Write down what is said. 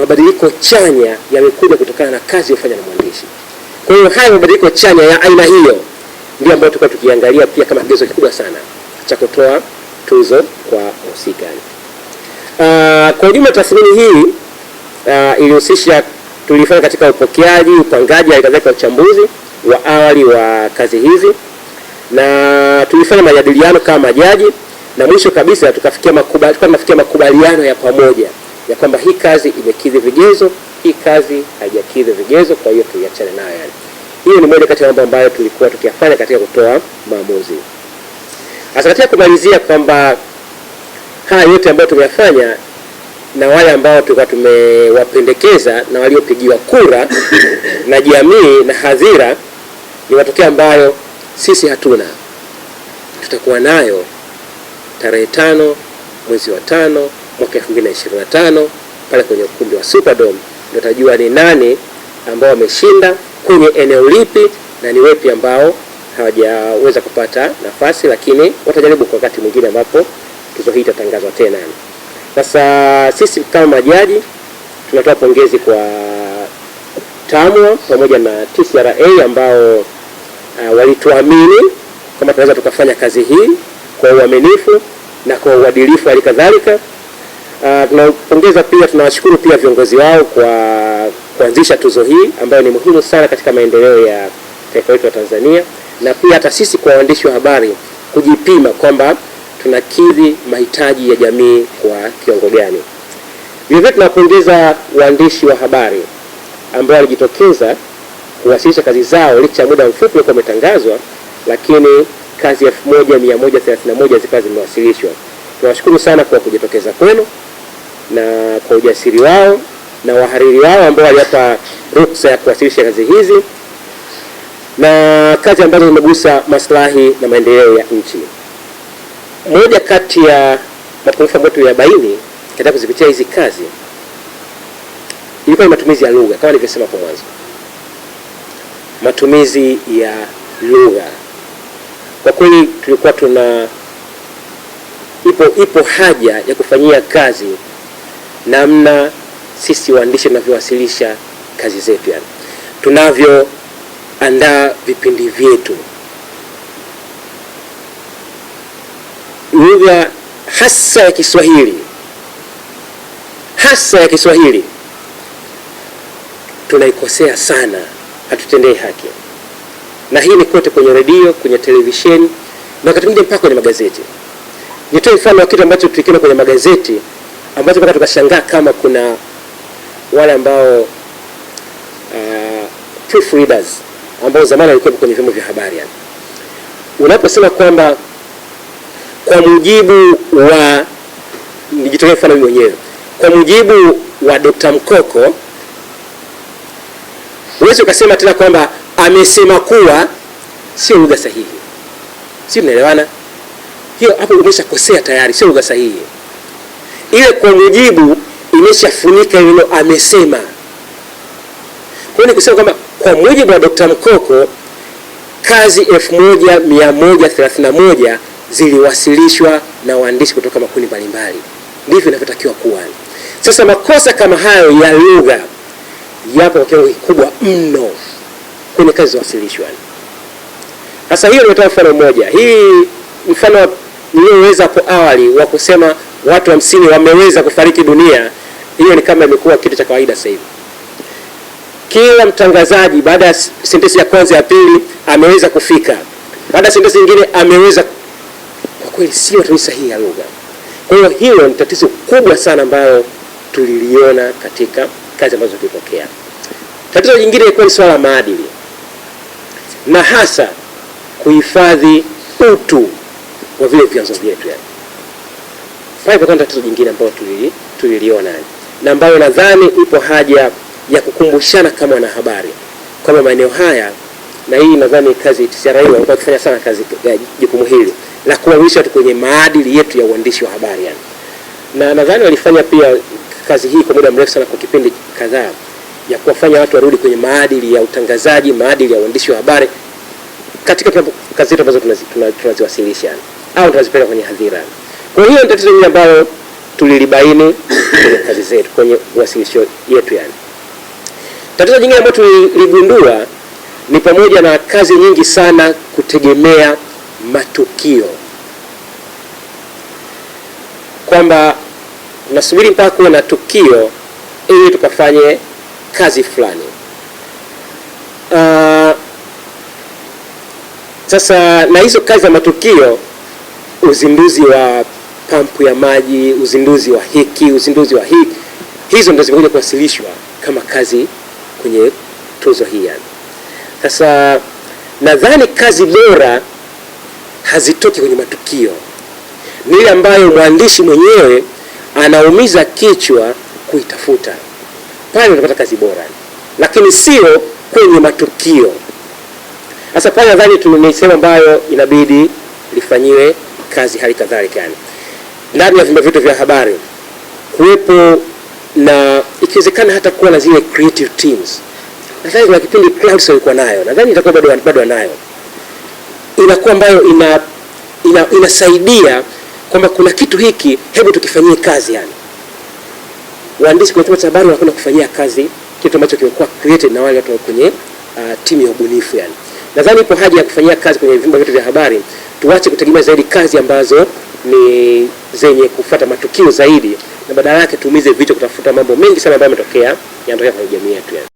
mabadiliko chanya yamekuja kutokana na kazi iliyofanywa na mwandishi. Kwa hiyo haya mabadiliko chanya ya aina hiyo ndio ambayo tulikuwa tukiangalia pia kama kigezo kikubwa sana cha kutoa tuzo kwa mhusika. Uh, ah, kwa ujumla tathmini hii uh, ilihusisha tulifanya katika upokeaji, upangaji, halikadhalika uchambuzi wa awali wa kazi hizi, na tulifanya majadiliano kama majaji, na mwisho kabisa tukafikia tukafikia makubaliano ya pamoja ya kwamba hii kazi imekidhi vigezo, hii kazi haijakidhi vigezo, kwa hiyo tuiachane nayo. Yani hiyo ni moja kati ya mambo ambayo tulikuwa tukiyafanya katika kutoa maamuzi. Sasa katika kumalizia kwamba haya yote ambayo tumeyafanya na wale ambao tulikuwa tumewapendekeza na waliopigiwa kura na jamii na hadhira, ni matokeo ambayo sisi hatuna, tutakuwa nayo tarehe tano mwezi wa tano mwaka 2025 pale kwenye ukumbi wa Superdome, ndio tajua ni nani ambao wameshinda kwenye eneo lipi na ni wepi ambao hawajaweza kupata nafasi, lakini watajaribu kwa wakati mwingine ambapo tuzo hii itatangazwa tena. Sasa sisi kama majaji tunatoa pongezi kwa TAMWA pamoja na TCRA ambao uh, walituamini kama tunaweza tukafanya kazi hii kwa uaminifu na kwa uadilifu hali kadhalika. Tunapongeza ah, pia, tunawashukuru pia viongozi wao kwa kuanzisha tuzo hii ambayo ni muhimu sana katika maendeleo ya taifa letu la Tanzania, na pia hata sisi kwa waandishi wa habari kujipima kwamba tunakidhi mahitaji ya jamii kwa kiwango gani. Vilevile tunawapongeza waandishi wa habari ambao walijitokeza kuwasilisha kazi zao licha ya muda mfupi uliokuwa umetangazwa, lakini kazi 1131 zikawa zimewasilishwa. Tunawashukuru sana kwa kujitokeza kwenu na kwa ujasiri wao na wahariri wao ambao waliwapa ruksa ya kuwasilisha kazi hizi na kazi ambazo zimegusa maslahi na maendeleo ya nchi. Moja kati ya mapungufu ambayo tuliyabaini katika kuzipitia hizi kazi ilikuwa ni matumizi ya lugha. Kama nilivyosema hapo mwanzo, matumizi ya lugha kwa kweli tulikuwa tuna ipo, ipo haja ya kufanyia kazi namna sisi waandishi tunavyowasilisha kazi zetu, yani tunavyoandaa vipindi vyetu. Lugha hasa ya Kiswahili, hasa ya Kiswahili tunaikosea sana, hatutendei haki, na hii ni kote kwenye redio, kwenye televisheni na wakati mwingine mpaka kwenye magazeti. Nitoe mfano wa kitu ambacho tulikiona kwenye magazeti ambacho mpaka tukashangaa kama kuna wale ambao uh, readers ambao zamani walikuwa kwenye vyombo vya habari yani. Unaposema kwamba kwa mujibu wa nijitolee mfano mimi mwenyewe, kwa mujibu wa Dr. Mkoko, huwezi ukasema tena kwamba amesema kuwa, sio lugha sahihi. Si tunaelewana? Hiyo hapo umeshakosea tayari, sio lugha sahihi ile kwa mujibu imeshafunika hilo amesema. Kwa ni kusema kwamba kwa mujibu wa Dr. Mkoko kazi 1131 ziliwasilishwa na waandishi kutoka makundi mbalimbali, ndivyo inavyotakiwa kuwa. Sasa makosa kama hayo ya lugha yapo kwa kiwango kikubwa mno kwenye kazi zilizowasilishwa. Sasa hiyo nimetoa mfano mmoja, hii mfano niliyoweza hapo awali wa kusema watu hamsini wa wameweza kufariki dunia, hiyo ni kama imekuwa kitu cha kawaida sasa hivi. Kila mtangazaji baada ya sentensi ya kwanza ya pili ameweza kufika, baada ya sentensi nyingine ameweza. Kwa kweli sio matumizi sahihi ya lugha. Kwa hiyo hilo ni tatizo kubwa sana ambayo tuliliona katika kazi ambazo tulipokea. Tatizo jingine ilikuwa ni swala la maadili na hasa kuhifadhi utu wa vile vyanzo vyetu yani. Kwa hivyo kuna tatizo jingine ambalo tuliliona na ambayo nadhani ipo haja ya kukumbushana kama wanahabari kwamba maeneo haya, na hii nadhani kazi TCRA walikuwa wakifanya sana kazi ya jukumu hili la kuwawisha watu kwenye maadili yetu ya uandishi wa habari yani. Na nadhani walifanya pia kazi hii kwa muda mrefu sana, kwa kipindi kadhaa, ya kuwafanya watu warudi kwenye maadili ya utangazaji, maadili ya uandishi wa habari katika kazi zetu ambazo tunaziwasilisha au tunazipeleka kwenye hadhira. yani. Kwa hiyo ni tatizo hili ambalo tulilibaini kwenye kazi zetu, kwenye wasilisho yetu. Yani, tatizo jingine ambalo tuligundua ni pamoja na kazi nyingi sana kutegemea matukio, kwamba tunasubiri mpaka kuwe na tukio ili tukafanye kazi fulani. Uh, sasa na hizo kazi za matukio, uzinduzi wa pampu ya maji, uzinduzi wa hiki, uzinduzi wa hiki. Hizo ndo zimekuja kuwasilishwa kama kazi kwenye tuzo hii yani. Sasa nadhani kazi bora hazitoki kwenye matukio, ni ile ambayo mwandishi mwenyewe anaumiza kichwa kuitafuta, pale unapata kazi bora, lakini sio kwenye matukio. Sasa pale nadhani ni sehemu ambayo inabidi lifanyiwe kazi hali kadhalika yani ndani ya vyombo vyetu vya habari kuwepo na ikiwezekana hata kuwa na zile creative teams. Nadhani kuna kipindi Clouds alikuwa nayo, nadhani itakuwa bado bado anayo, inakuwa ambayo ina, ina, inasaidia kwamba kuna kitu hiki, hebu tukifanyie kazi. Yani waandishi kwenye chombo cha habari wanakwenda kufanyia kazi kitu ambacho kimekuwa created na wale watu kwenye uh, timu ya ubunifu yani. Nadhani ipo haja ya kufanyia kazi kwenye vyombo vyetu vya habari, tuache kutegemea zaidi kazi ambazo ni zenye kufuata matukio zaidi, na badala yake tuumize vichwa kutafuta mambo mengi sana ambayo yametokea yanatokea kwenye jamii yetu ya.